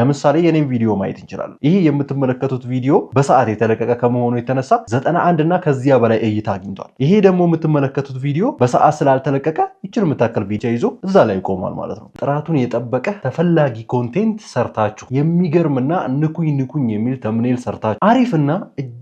ለምሳሌ የኔም ቪዲዮ ማየት እንችላለን። ይህ የምትመለከቱት ቪዲዮ በሰዓት የተለቀቀ ከመሆኑ የተነሳ ዘጠና አንድ እና ከዚያ በላይ እይታ አግኝቷል። ይሄ ደግሞ የምትመለከቱት ቪዲዮ በሰዓት ስላልተለቀቀ ይችን የምታክል ብቻ ይዞ እዛ ላይ ይቆማል ማለት ነው። ጥራቱን የጠበቀ ተፈላጊ ኮንቴንት ሰርታችሁ የሚገርምና ንኩኝ ንኩኝ የሚል ተምኔል ሰርታችሁ አሪፍና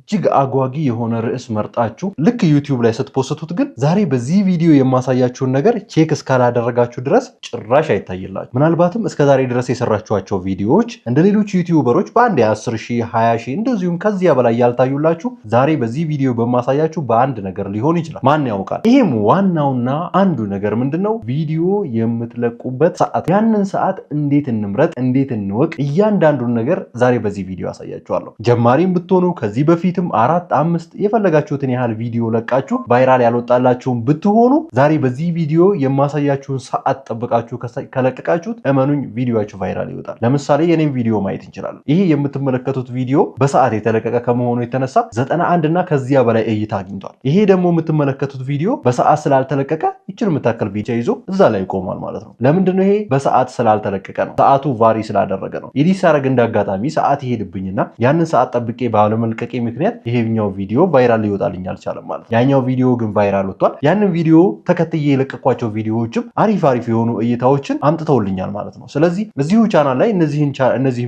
እጅግ አጓጊ የሆነ ርዕስ መርጣችሁ ልክ ዩቲዩብ ላይ ስትፖስቱት ግን ዛሬ በዚህ ቪዲዮ የማሳያችሁን ነገር ቼክ እስካላደረጋችሁ ድረስ ጭራሽ አይታይላችሁ። ምናልባትም እስከ ዛሬ ድረስ የሰራችኋቸው ቪዲዮዎች እንደ ሌሎች ዩቲዩበሮች በአንድ የ10 ሺህ 20 ሺህ እንደዚሁም ከዚያ በላይ ያልታዩላችሁ ዛሬ በዚህ ቪዲዮ በማሳያችሁ በአንድ ነገር ሊሆን ይችላል። ማን ያውቃል? ይህም ዋናውና አንዱ ነገር ምንድን ነው? ቪዲዮ የምትለቁበት ሰዓት። ያንን ሰዓት እንዴት እንምረጥ፣ እንዴት እንወቅ፣ እያንዳንዱን ነገር ዛሬ በዚህ ቪዲዮ አሳያችኋለሁ። ጀማሪም ብትሆኑ ከዚህ በፊት በፊትም አራት አምስት የፈለጋችሁትን ያህል ቪዲዮ ለቃችሁ ቫይራል ያልወጣላችሁን ብትሆኑ ዛሬ በዚህ ቪዲዮ የማሳያችሁን ሰዓት ጠብቃችሁ ከለቀቃችሁት እመኑኝ ቪዲዮችሁ ቫይራል ይወጣል። ለምሳሌ የኔም ቪዲዮ ማየት እንችላለን። ይሄ የምትመለከቱት ቪዲዮ በሰዓት የተለቀቀ ከመሆኑ የተነሳ ዘጠና አንድ እና ከዚያ በላይ እይታ አግኝቷል። ይሄ ደግሞ የምትመለከቱት ቪዲዮ በሰዓት ስላልተለቀቀ ይችን የምታከል ቪዲዮ ይዞ እዛ ላይ ይቆማል ማለት ነው። ለምንድን ነው ይሄ በሰዓት ስላልተለቀቀ ነው። ሰዓቱ ቫሪ ስላደረገ ነው። ኤዲት ሳረግ እንዳጋጣሚ ሰዓት ይሄድብኝና ያንን ሰዓት ጠብቄ ባለመልቀቄ ምክንያት ምክንያት ይሄኛው ቪዲዮ ቫይራል ሊወጣልኝ አልቻለም ማለት ነው። ያኛው ቪዲዮ ግን ቫይራል ወጥቷል። ያንን ቪዲዮ ተከትዬ የለቀኳቸው ቪዲዮዎችም አሪፍ አሪፍ የሆኑ እይታዎችን አምጥተውልኛል ማለት ነው። ስለዚህ እዚሁ ቻናል ላይ እነዚህን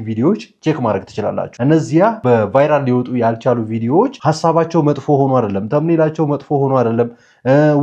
ቪዲዮዎች ቼክ ማድረግ ትችላላችሁ። እነዚያ በቫይራል ሊወጡ ያልቻሉ ቪዲዮዎች ሀሳባቸው መጥፎ ሆኖ አይደለም፣ ተምኔላቸው መጥፎ ሆኖ አይደለም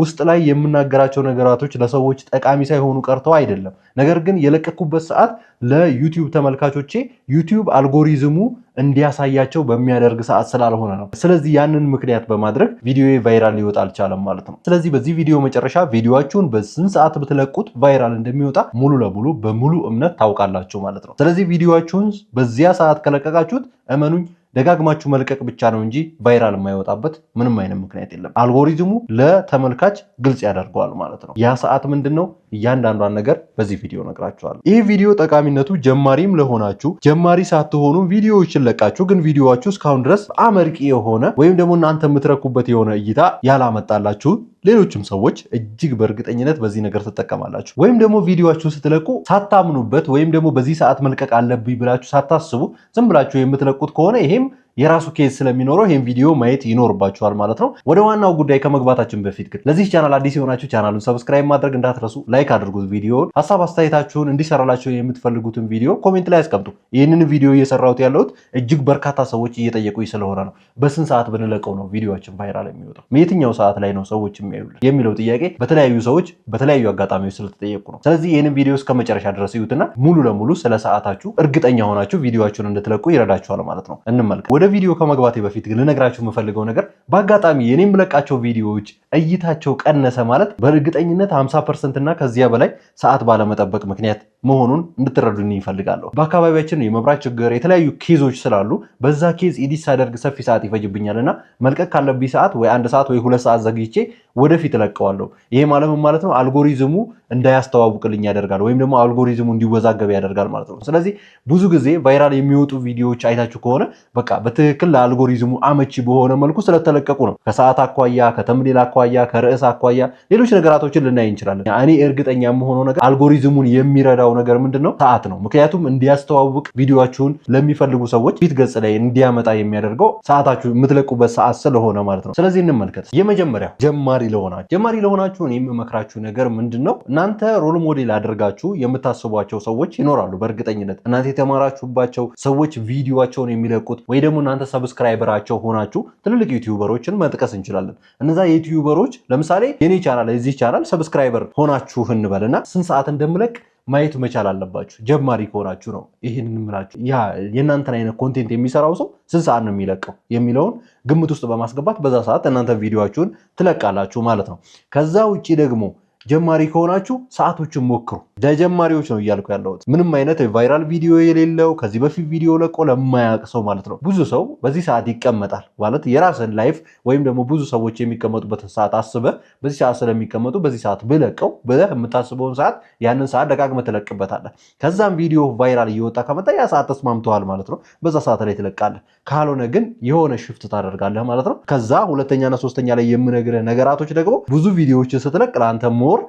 ውስጥ ላይ የምናገራቸው ነገራቶች ለሰዎች ጠቃሚ ሳይሆኑ ቀርተው አይደለም። ነገር ግን የለቀኩበት ሰዓት ለዩቲዩብ ተመልካቾቼ ዩቲዩብ አልጎሪዝሙ እንዲያሳያቸው በሚያደርግ ሰዓት ስላልሆነ ነው። ስለዚህ ያንን ምክንያት በማድረግ ቪዲዮ ቫይራል ሊወጣ አልቻለም ማለት ነው። ስለዚህ በዚህ ቪዲዮ መጨረሻ ቪዲዮችሁን በስንት ሰዓት ብትለቁት ቫይራል እንደሚወጣ ሙሉ ለሙሉ በሙሉ እምነት ታውቃላችሁ ማለት ነው። ስለዚህ ቪዲዮችሁን በዚያ ሰዓት ከለቀቃችሁት እመኑኝ ደጋግማችሁ መልቀቅ ብቻ ነው እንጂ ቫይራል የማይወጣበት ምንም አይነት ምክንያት የለም። አልጎሪዝሙ ለተመልካች ግልጽ ያደርገዋል ማለት ነው። ያ ሰዓት ምንድን ነው? እያንዳንዷን ነገር በዚህ ቪዲዮ ነግራችኋለሁ። ይህ ቪዲዮ ጠቃሚነቱ ጀማሪም ለሆናችሁ ጀማሪ ሳትሆኑ ቪዲዮዎችን ለቃችሁ ግን ቪዲዮዋችሁ እስካሁን ድረስ አመርቂ የሆነ ወይም ደግሞ እናንተ የምትረኩበት የሆነ እይታ ያላመጣላችሁ ሌሎችም ሰዎች እጅግ በእርግጠኝነት በዚህ ነገር ትጠቀማላችሁ። ወይም ደግሞ ቪዲዮችሁ ስትለቁ ሳታምኑበት ወይም ደግሞ በዚህ ሰዓት መልቀቅ አለብኝ ብላችሁ ሳታስቡ ዝም ብላችሁ የምትለቁት ከሆነ ይሄም የራሱ ኬዝ ስለሚኖረው ይህን ቪዲዮ ማየት ይኖርባችኋል ማለት ነው። ወደ ዋናው ጉዳይ ከመግባታችን በፊት ግን ለዚህ ቻናል አዲስ የሆናችሁ ቻናሉን ሰብስክራይብ ማድረግ እንዳትረሱ፣ ላይክ አድርጉት። ቪዲዮውን ሀሳብ አስተያየታችሁን እንዲሰራላችሁ የምትፈልጉትን ቪዲዮ ኮሜንት ላይ አስቀምጡ። ይህንን ቪዲዮ እየሰራሁት ያለሁት እጅግ በርካታ ሰዎች እየጠየቁኝ ስለሆነ ነው። በስንት ሰዓት ብንለቀው ነው ቪዲዮችን ቫይራል የሚወጣው? የትኛው ሰዓት ላይ ነው ሰዎች የሚያዩልን የሚለው ጥያቄ በተለያዩ ሰዎች በተለያዩ አጋጣሚዎች ስለተጠየቁ ነው። ስለዚህ ይህንን ቪዲዮ እስከ መጨረሻ ድረስ ዩትና ሙሉ ለሙሉ ስለ ሰዓታችሁ እርግጠኛ ሆናችሁ ቪዲዮችሁን እንድትለቁ ይረዳችኋል ማለት ነው። እንመልከት። ወደ ቪዲዮ ከመግባቴ በፊት ግን ልነግራችሁ የምፈልገው ነገር በአጋጣሚ የኔ የምለቃቸው ቪዲዮዎች እይታቸው ቀነሰ ማለት በእርግጠኝነት 50 ፐርሰንት እና ከዚያ በላይ ሰዓት ባለመጠበቅ ምክንያት መሆኑን እንድትረዱን ይፈልጋለሁ። በአካባቢያችን የመብራት ችግር፣ የተለያዩ ኬዞች ስላሉ በዛ ኬዝ ኢዲት ሳደርግ ሰፊ ሰዓት ይፈጅብኛል እና መልቀቅ ካለብኝ ሰዓት ወይ አንድ ሰዓት ወይ ሁለት ሰዓት ዘግይቼ ወደፊት እለቀዋለሁ። ይሄ ማለም ማለት ነው አልጎሪዝሙ እንዳያስተዋውቅልኝ ያደርጋል ወይም ደግሞ አልጎሪዝሙ እንዲወዛገብ ያደርጋል ማለት ነው። ስለዚህ ብዙ ጊዜ ቫይራል የሚወጡ ቪዲዮዎች አይታችሁ ከሆነ በቃ በትክክል ለአልጎሪዝሙ አመቺ በሆነ መልኩ ስለተለቀቁ ነው ከሰዓት አኳያ ከተምሌል አኳያ አኳያ ከርዕስ አኳያ ሌሎች ነገራቶችን ልናይ እንችላለን። እኔ እርግጠኛ የምሆነው ነገር አልጎሪዝሙን የሚረዳው ነገር ምንድን ነው? ሰዓት ነው። ምክንያቱም እንዲያስተዋውቅ ቪዲዮችሁን ለሚፈልጉ ሰዎች ፊት ገጽ ላይ እንዲያመጣ የሚያደርገው ሰዓታችሁ የምትለቁበት ሰዓት ስለሆነ ማለት ነው። ስለዚህ እንመልከት። የመጀመሪያ ጀማሪ ለሆናችሁ ጀማሪ ለሆናችሁ እኔ የምመክራችሁ ነገር ምንድን ነው? እናንተ ሮል ሞዴል አድርጋችሁ የምታስቧቸው ሰዎች ይኖራሉ። በእርግጠኝነት እናንተ የተማራችሁባቸው ሰዎች ቪዲዮቸውን የሚለቁት ወይ ደግሞ እናንተ ሰብስክራይበራቸው ሆናችሁ ትልልቅ ዩቲዩበሮችን መጥቀስ እንችላለን። እነዛ የዩቲዩበር ነገሮች ለምሳሌ የኔ ቻናል የዚህ ቻናል ሰብስክራይበር ሆናችሁ እንበልና ስንት ሰዓት እንደምለቅ ማየት መቻል አለባችሁ። ጀማሪ ከሆናችሁ ነው ይህን እንምላችሁ። ያ የእናንተን አይነት ኮንቴንት የሚሰራው ሰው ስንት ሰዓት ነው የሚለቀው የሚለውን ግምት ውስጥ በማስገባት በዛ ሰዓት እናንተ ቪዲዮችሁን ትለቃላችሁ ማለት ነው። ከዛ ውጭ ደግሞ ጀማሪ ከሆናችሁ ሰዓቶችን ሞክሩ። ለጀማሪዎች ነው እያልኩ ያለሁት። ምንም አይነት ቫይራል ቪዲዮ የሌለው ከዚህ በፊት ቪዲዮ ለቆ ለማያውቅ ሰው ማለት ነው። ብዙ ሰው በዚህ ሰዓት ይቀመጣል ማለት የራስን ላይፍ ወይም ደግሞ ብዙ ሰዎች የሚቀመጡበትን ሰዓት አስበ በዚህ ሰዓት ስለሚቀመጡ በዚህ ሰዓት ብለቀው ብለህ የምታስበውን ሰዓት ያንን ሰዓት ደጋግመህ ትለቅበታለህ። ከዛም ቪዲዮ ቫይራል እየወጣ ከመጣ ያ ሰዓት ተስማምተዋል ማለት ነው። በዛ ሰዓት ላይ ትለቃለህ። ካልሆነ ግን የሆነ ሽፍት ታደርጋለህ ማለት ነው። ከዛ ሁለተኛና ሶስተኛ ላይ የምነግርህ ነገራቶች ደግሞ ብዙ ቪዲዮዎችን ስትለቅ ለአንተ ሞ ሞር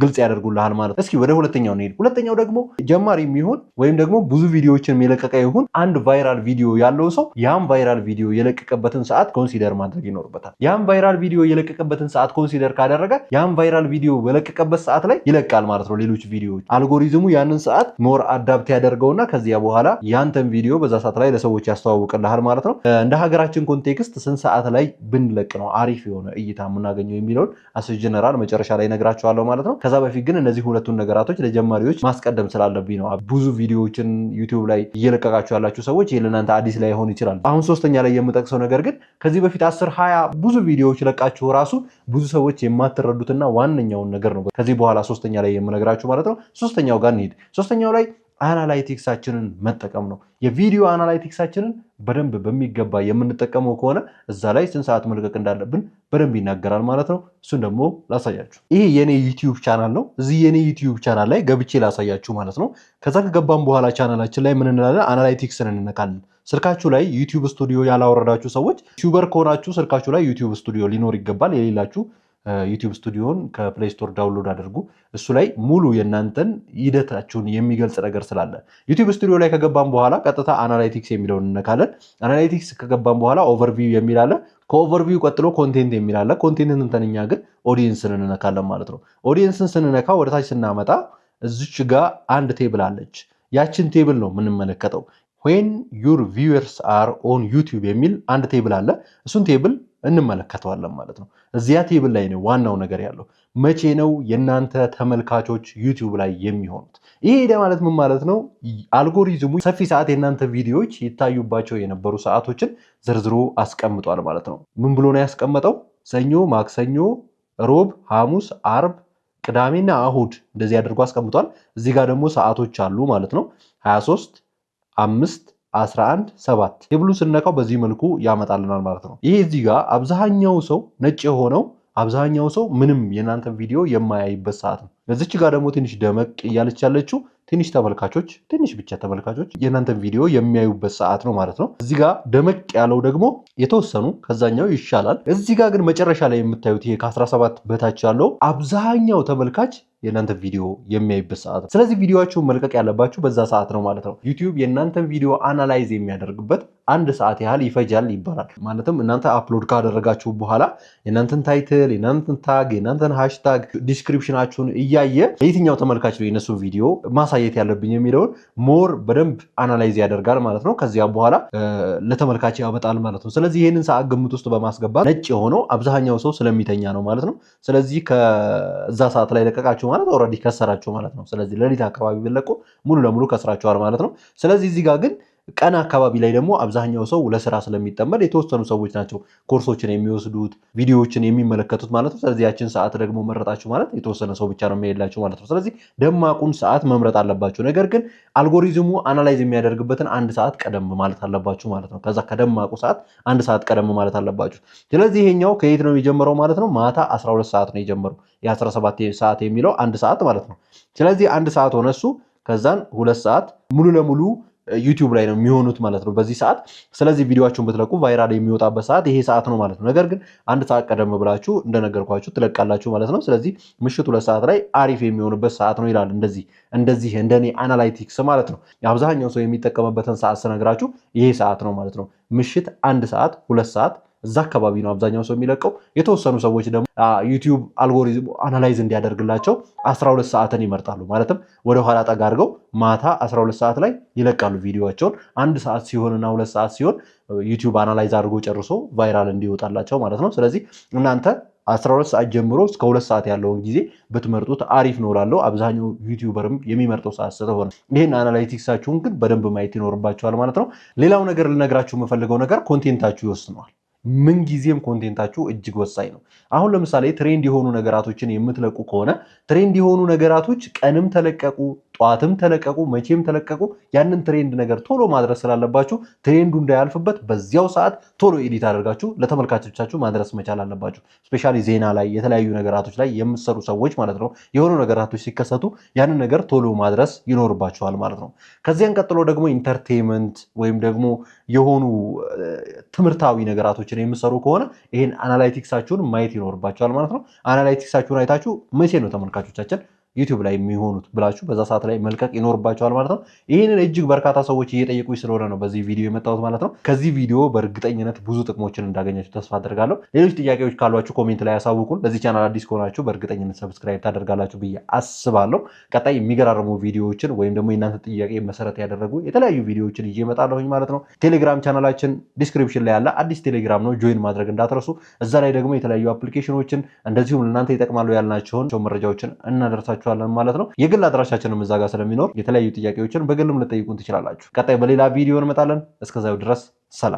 ግልጽ ያደርጉልሃል ማለት ነው። እስኪ ወደ ሁለተኛው እንሄድ። ሁለተኛው ደግሞ ጀማሪ የሚሆን ወይም ደግሞ ብዙ ቪዲዮዎችን የሚለቀቀ ይሁን አንድ ቫይራል ቪዲዮ ያለው ሰው ያም ቫይራል ቪዲዮ የለቀቀበትን ሰዓት ኮንሲደር ማድረግ ይኖርበታል። ያም ቫይራል ቪዲዮ የለቀቀበትን ሰዓት ኮንሲደር ካደረገ ያም ቫይራል ቪዲዮ በለቀቀበት ሰዓት ላይ ይለቃል ማለት ነው። ሌሎች ቪዲዮዎች አልጎሪዝሙ ያንን ሰዓት ሞር አዳፕት ያደርገውና ከዚያ በኋላ ያንተን ቪዲዮ በዛ ሰዓት ላይ ለሰዎች ያስተዋውቅልሃል ማለት ነው። እንደ ሀገራችን ኮንቴክስት ስንት ሰዓት ላይ ብንለቅ ነው አሪፍ የሆነ እይታ የምናገኘው የሚለውን አስ ጀነራል መጨረሻ ላይ ነግራል እነግራቸዋለሁ ማለት ነው። ከዛ በፊት ግን እነዚህ ሁለቱን ነገራቶች ለጀማሪዎች ማስቀደም ስላለብኝ ነው። ብዙ ቪዲዮዎችን ዩቲዩብ ላይ እየለቀቃችሁ ያላችሁ ሰዎች ይህ ለእናንተ አዲስ ላይ ሆን ይችላል። አሁን ሶስተኛ ላይ የምጠቅሰው ነገር ግን ከዚህ በፊት አስር ሀያ ብዙ ቪዲዮዎች ለቃችሁ ራሱ ብዙ ሰዎች የማትረዱትና ዋነኛውን ነገር ነው ከዚህ በኋላ ሶስተኛ ላይ የምነግራችሁ ማለት ነው። ሶስተኛው ጋር እንሂድ። ሶስተኛው ላይ አናላይቲክሳችንን መጠቀም ነው። የቪዲዮ አናላይቲክሳችንን በደንብ በሚገባ የምንጠቀመው ከሆነ እዛ ላይ ስንት ሰዓት መልቀቅ እንዳለብን በደንብ ይናገራል ማለት ነው። እሱን ደግሞ ላሳያችሁ። ይሄ የኔ ዩቲዩብ ቻናል ነው። እዚህ የኔ ዩቲዩብ ቻናል ላይ ገብቼ ላሳያችሁ ማለት ነው። ከዛ ከገባም በኋላ ቻናላችን ላይ ምን እንላለን? አናላይቲክስን እንነካለን። ስልካችሁ ላይ ዩቲዩብ ስቱዲዮ ያላወረዳችሁ ሰዎች ዩቲዩበር ከሆናችሁ ስልካችሁ ላይ ዩቲዩብ ስቱዲዮ ሊኖር ይገባል። የሌላችሁ ዩቲዩብ ስቱዲዮን ከፕሌይ ስቶር ዳውንሎድ አድርጉ። እሱ ላይ ሙሉ የእናንተን ሂደታችሁን የሚገልጽ ነገር ስላለ ዩቲዩብ ስቱዲዮ ላይ ከገባን በኋላ ቀጥታ አናላይቲክስ የሚለውን እነካለን። አናላይቲክስ ከገባን በኋላ ኦቨርቪው የሚላለ ከኦቨርቪው ቀጥሎ ኮንቴንት የሚላለ ኮንቴንትን እንተንኛ ግን ኦዲየንስን እንነካለን ማለት ነው። ኦዲየንስን ስንነካ ወደታች ስናመጣ እዚች ጋር አንድ ቴብል አለች። ያችን ቴብል ነው የምንመለከተው ዌን ዩር ቪውየርስ አር ኦን ዩቲዩብ የሚል አንድ ቴብል አለ። እሱን ቴብል እንመለከተዋለን ማለት ነው። እዚያ ቴብል ላይ ነው ዋናው ነገር ያለው። መቼ ነው የእናንተ ተመልካቾች ዩቲዩብ ላይ የሚሆኑት? ይሄ ሄደ ማለት ምን ማለት ነው? አልጎሪዝሙ ሰፊ ሰዓት የእናንተ ቪዲዮዎች ይታዩባቸው የነበሩ ሰዓቶችን ዘርዝሮ አስቀምጧል ማለት ነው። ምን ብሎ ነው ያስቀመጠው? ሰኞ፣ ማክሰኞ፣ ሮብ፣ ሐሙስ፣ አርብ፣ ቅዳሜና እሁድ እንደዚህ አድርጎ አስቀምጧል። እዚህ ጋር ደግሞ ሰዓቶች አሉ ማለት ነው 23 አምስት 11 7 ቴብሉ ስነካው በዚህ መልኩ ያመጣልናል ማለት ነው። ይሄ እዚህ ጋር አብዛኛው ሰው ነጭ የሆነው አብዛኛው ሰው ምንም የእናንተን ቪዲዮ የማያይበት ሰዓት ነው። እዚች ጋር ደግሞ ትንሽ ደመቅ እያለች ያለችው ትንሽ ተመልካቾች ትንሽ ብቻ ተመልካቾች የእናንተን ቪዲዮ የሚያዩበት ሰዓት ነው ማለት ነው። እዚህ ጋር ደመቅ ያለው ደግሞ የተወሰኑ ከዛኛው ይሻላል። እዚህ ጋር ግን መጨረሻ ላይ የምታዩት ይሄ ከ17 በታች ያለው አብዛኛው ተመልካች የእናንተ ቪዲዮ የሚያይበት ሰዓት ነው። ስለዚህ ቪዲዮችሁን መልቀቅ ያለባችሁ በዛ ሰዓት ነው ማለት ነው። ዩቲዩብ የእናንተን ቪዲዮ አናላይዝ የሚያደርግበት አንድ ሰዓት ያህል ይፈጃል ይባላል። ማለትም እናንተ አፕሎድ ካደረጋችሁ በኋላ የእናንተን ታይትል፣ የእናንተን ታግ፣ የእናንተን ሃሽታግ፣ ዲስክሪፕሽናችሁን እያየ ለየትኛው ተመልካች ነው የነሱ ቪዲዮ ማሳየት ያለብኝ የሚለውን ሞር በደንብ አናላይዝ ያደርጋል ማለት ነው። ከዚያ በኋላ ለተመልካች ያበጣል ማለት ነው። ስለዚህ ይህንን ሰዓት ግምት ውስጥ በማስገባት ነጭ የሆነው አብዛኛው ሰው ስለሚተኛ ነው ማለት ነው። ስለዚህ ከዛ ሰዓት ላይ ለቀቃችሁ ከሰራችሁ ማለት ኦልሬዲ ከሰራችሁ ማለት ነው። ስለዚህ ሌሊት አካባቢ ብለቁ ሙሉ ለሙሉ ከስራችኋል ማለት ነው። ስለዚህ እዚህ ጋር ግን ቀን አካባቢ ላይ ደግሞ አብዛኛው ሰው ለስራ ስለሚጠመድ የተወሰኑ ሰዎች ናቸው ኮርሶችን የሚወስዱት ቪዲዮዎችን የሚመለከቱት ማለት ነው። ስለዚህ ያችን ሰዓት ደግሞ መረጣችሁ ማለት የተወሰነ ሰው ብቻ ነው የሚሄድላችሁ ማለት ነው። ስለዚህ ደማቁን ሰዓት መምረጥ አለባችሁ። ነገር ግን አልጎሪዝሙ አናላይዝ የሚያደርግበትን አንድ ሰዓት ቀደም ማለት አለባችሁ ማለት ነው። ከዛ ከደማቁ ሰዓት አንድ ሰዓት ቀደም ማለት አለባችሁ። ስለዚህ ይሄኛው ከየት ነው የጀመረው ማለት ነው? ማታ 12 ሰዓት ነው የጀመረው የ17 ሰዓት የሚለው አንድ ሰዓት ማለት ነው። ስለዚህ አንድ ሰዓት ሆነ እሱ ከዛን ሁለት ሰዓት ሙሉ ለሙሉ ዩቲዩብ ላይ ነው የሚሆኑት ማለት ነው በዚህ ሰዓት። ስለዚህ ቪዲዮችሁን ብትለቁ ቫይራል የሚወጣበት ሰዓት ይሄ ሰዓት ነው ማለት ነው። ነገር ግን አንድ ሰዓት ቀደም ብላችሁ እንደነገርኳችሁ ትለቃላችሁ ማለት ነው። ስለዚህ ምሽት ሁለት ሰዓት ላይ አሪፍ የሚሆንበት ሰዓት ነው ይላል። እንደዚህ እንደዚህ እንደኔ አናላይቲክስ ማለት ነው። አብዛኛው ሰው የሚጠቀምበትን ሰዓት ስነግራችሁ ይሄ ሰዓት ነው ማለት ነው። ምሽት አንድ ሰዓት ሁለት ሰዓት እዛ አካባቢ ነው አብዛኛው ሰው የሚለቀው። የተወሰኑ ሰዎች ደግሞ ዩቲዩብ አልጎሪዝም አናላይዝ እንዲያደርግላቸው 12 ሰዓትን ይመርጣሉ። ማለትም ወደኋላ ጠጋ አድርገው ማታ 12 ሰዓት ላይ ይለቃሉ ቪዲዮቸውን። አንድ ሰዓት ሲሆንና ሁለት ሰዓት ሲሆን ዩቲዩብ አናላይዝ አድርጎ ጨርሶ ቫይራል እንዲወጣላቸው ማለት ነው። ስለዚህ እናንተ 12 ሰዓት ጀምሮ እስከ ሁለት ሰዓት ያለውን ጊዜ ብትመርጡት አሪፍ ነው እላለሁ። አብዛኛው ዩቲዩበርም የሚመርጠው ሰዓት ስለሆነ ይህን አናላይቲክሳችሁን ግን በደንብ ማየት ይኖርባችኋል ማለት ነው። ሌላው ነገር ልነግራችሁ የምፈልገው ነገር ኮንቴንታችሁ ይወስነዋል። ምንጊዜም ኮንቴንታችሁ እጅግ ወሳኝ ነው። አሁን ለምሳሌ ትሬንድ የሆኑ ነገራቶችን የምትለቁ ከሆነ ትሬንድ የሆኑ ነገራቶች ቀንም ተለቀቁ ጠዋትም ተለቀቁ መቼም ተለቀቁ፣ ያንን ትሬንድ ነገር ቶሎ ማድረስ ስላለባችሁ ትሬንዱ እንዳያልፍበት በዚያው ሰዓት ቶሎ ኤዲት አድርጋችሁ ለተመልካቾቻችሁ ማድረስ መቻል አለባችሁ። ስፔሻሊ ዜና ላይ የተለያዩ ነገራቶች ላይ የምትሰሩ ሰዎች ማለት ነው የሆኑ ነገራቶች ሲከሰቱ ያንን ነገር ቶሎ ማድረስ ይኖርባችኋል ማለት ነው። ከዚያን ቀጥሎ ደግሞ ኢንተርቴንመንት ወይም ደግሞ የሆኑ ትምህርታዊ ነገራቶችን የምትሰሩ ከሆነ ይህን አናላይቲክሳችሁን ማየት ይኖርባችኋል ማለት ነው። አናላይቲክሳችሁን አይታችሁ መቼ ነው ተመልካቾቻችን ዩቲዩብ ላይ የሚሆኑት ብላችሁ በዛ ሰዓት ላይ መልቀቅ ይኖርባቸዋል ማለት ነው። ይህንን እጅግ በርካታ ሰዎች እየጠየቁ ስለሆነ ነው በዚህ ቪዲዮ የመጣሁት ማለት ነው። ከዚህ ቪዲዮ በእርግጠኝነት ብዙ ጥቅሞችን እንዳገኛችሁ ተስፋ አደርጋለሁ። ሌሎች ጥያቄዎች ካሏችሁ ኮሜንት ላይ ያሳውቁን። ለዚህ ቻናል አዲስ ከሆናችሁ በእርግጠኝነት ሰብስክራይብ ታደርጋላችሁ ብዬ አስባለሁ። ቀጣይ የሚገራረሙ ቪዲዮዎችን ወይም ደግሞ የእናንተ ጥያቄ መሰረት ያደረጉ የተለያዩ ቪዲዮዎችን ይዤ እመጣለሁኝ ማለት ነው። ቴሌግራም ቻናላችን ዲስክሪፕሽን ላይ ያለ አዲስ ቴሌግራም ነው፣ ጆይን ማድረግ እንዳትረሱ። እዛ ላይ ደግሞ የተለያዩ አፕሊኬሽኖችን እንደዚሁም ለእናንተ ይጠቅማሉ ያልናቸውን መረጃዎችን እናደርሳቸው እንልክላችኋለን ማለት ነው። የግል አድራሻችንም እዛ ጋር ስለሚኖር የተለያዩ ጥያቄዎችን በግልም ልጠይቁን ትችላላችሁ። ቀጣይ በሌላ ቪዲዮ እንመጣለን። እስከዚያው ድረስ ሰላም።